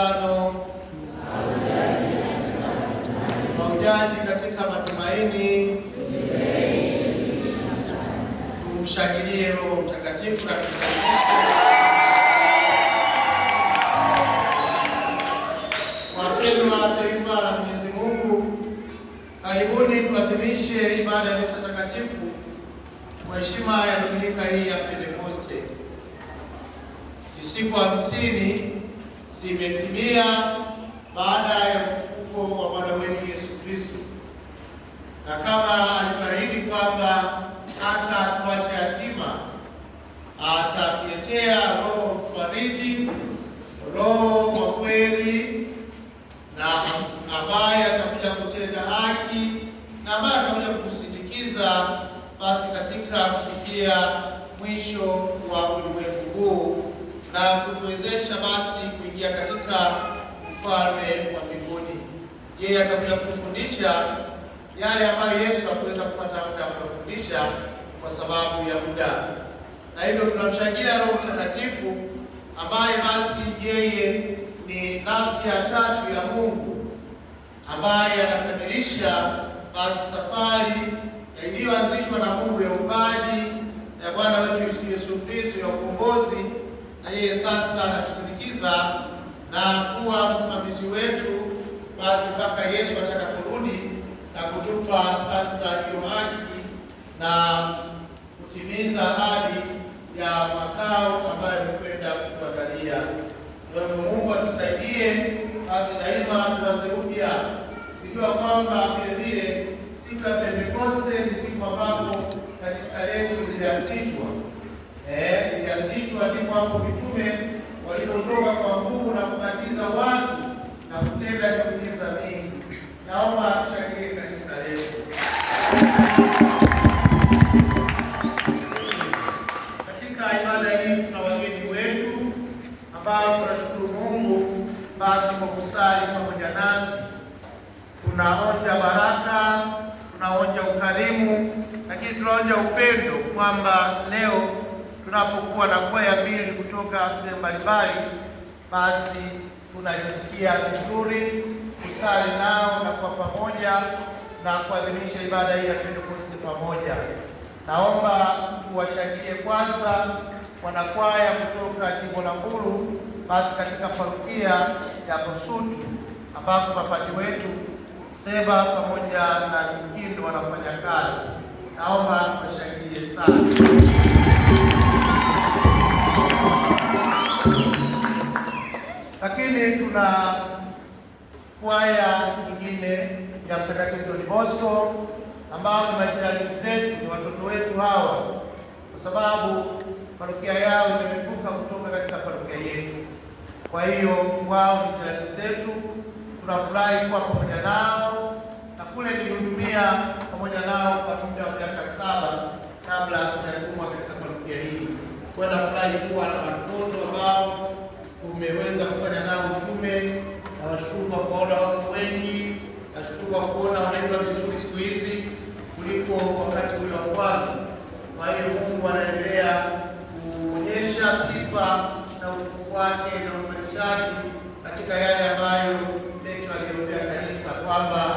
tano, maujaji katika matumaini. Tumshangilie Roho Mtakatifu katika Karibuni tuadhimishe ibada ya misa takatifu kwa heshima ya dominika hii ya Pentekoste. Ni siku hamsini zimetimia baada ya ufufuko wa Bwana wetu Yesu Kristo, na kama alivyoahidi kwamba hata tuache yatima atatuletea Roho Mfariji, Roho wa kweli, na ambaye atakuja kutenda haki na ambaye atakuja kusindikiza basi katika kufikia mwisho wa ulimwengu huu na kutuwezesha basi kuingia katika ufalme wa mbinguni. Yeye atakuja kufundisha yale ambayo Yesu hakuweza kupata muda wa kufundisha kwa sababu ya muda, na hivyo tunamshangilia Roho Mtakatifu ambaye basi yeye ni nafsi ya tatu ya Mungu ambaye anakamilisha basi safari iliyoanzishwa na Mungu ya ubaji ya Bwana wetu Yesu Kristo ya ukombozi, na yeye sasa anatusindikiza na kuwa msimamizi wetu, basi mpaka Yesu atakaporudi na kutupa sasa hiyo haki na kutimiza hali ya makao ambayo amekwenda kutuangalia Ndio Mungu atusaidie basi, daima tunazirudia kujua kwamba vile vile siku ya Pentekoste ni siku ambapo kanisa letu lilianzishwa, eh, lilianzishwa ndipo hapo mitume walipotoka kwa nguvu na kubatiza watu na kutenda miujiza mingi. Naomba tushangilie kanisa letu katika ibada hii. Tuna wageni wetu ambao tunashukuru Mungu basi kwa kusali pamoja nasi, tunaonja baraka, tunaonja ukarimu, lakini tunaonja upendo kwamba leo tunapokuwa na kwaya mbili kutoka sehemu mbalimbali, basi tunajisikia vizuri kusali nao na kwa pamoja na kuadhimisha ibada hii ya Pentekoste pamoja. Naomba tuwachangie kwanza wanakwaya kutoka jimbo la Mbulu, basi katika parokia ya Bosuti ambapo mapati wetu Seba pamoja na nyingine wanafanya kazi. Naomba tuwachangie sana. nyingine tuna kwaya nyingine ya Mtakatifu Don Bosco ambao ni majirani zetu, ni watoto wetu hawa, kwa sababu parokia yao imefuka kutoka katika parokia yetu. Kwa hiyo wao ni jirani zetu, tunafurahi kuwa pamoja nao na kule nilihudumia pamoja nao kwa muda wa miaka saba kabla ya katika parokia hii kwenda furahi kuwa na watoto ambao tumeweza kufanya nao utume, na washukuru kwa kuona watu wengi, nashukuru kwa kuona wanaenda vizuri siku hizi kuliko wakati ule wa kwanza. Kwa hiyo Mungu anaendelea kuonyesha sifa na ukuu wake na ufanishaji katika yale ambayo Petro aliombea kanisa kwamba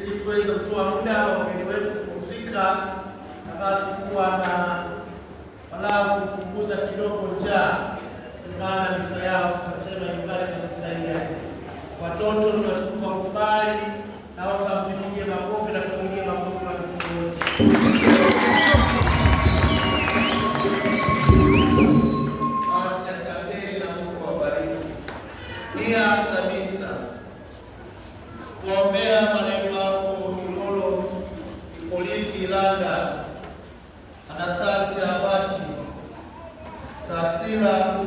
ili tuweze kutoa muda wa wageni wetu kupumzika na basi kuwa na walau kupunguza kidogo njaa, maana misa yao tunasema nyumbani kusaidia watoto tunatuka kubali. na wakampigie makofi na kuongea makofi awasasamei na Mungu pia kabisa kuombea marehemu Otulo Ipoliti ilanga Anastasia Abati Tasira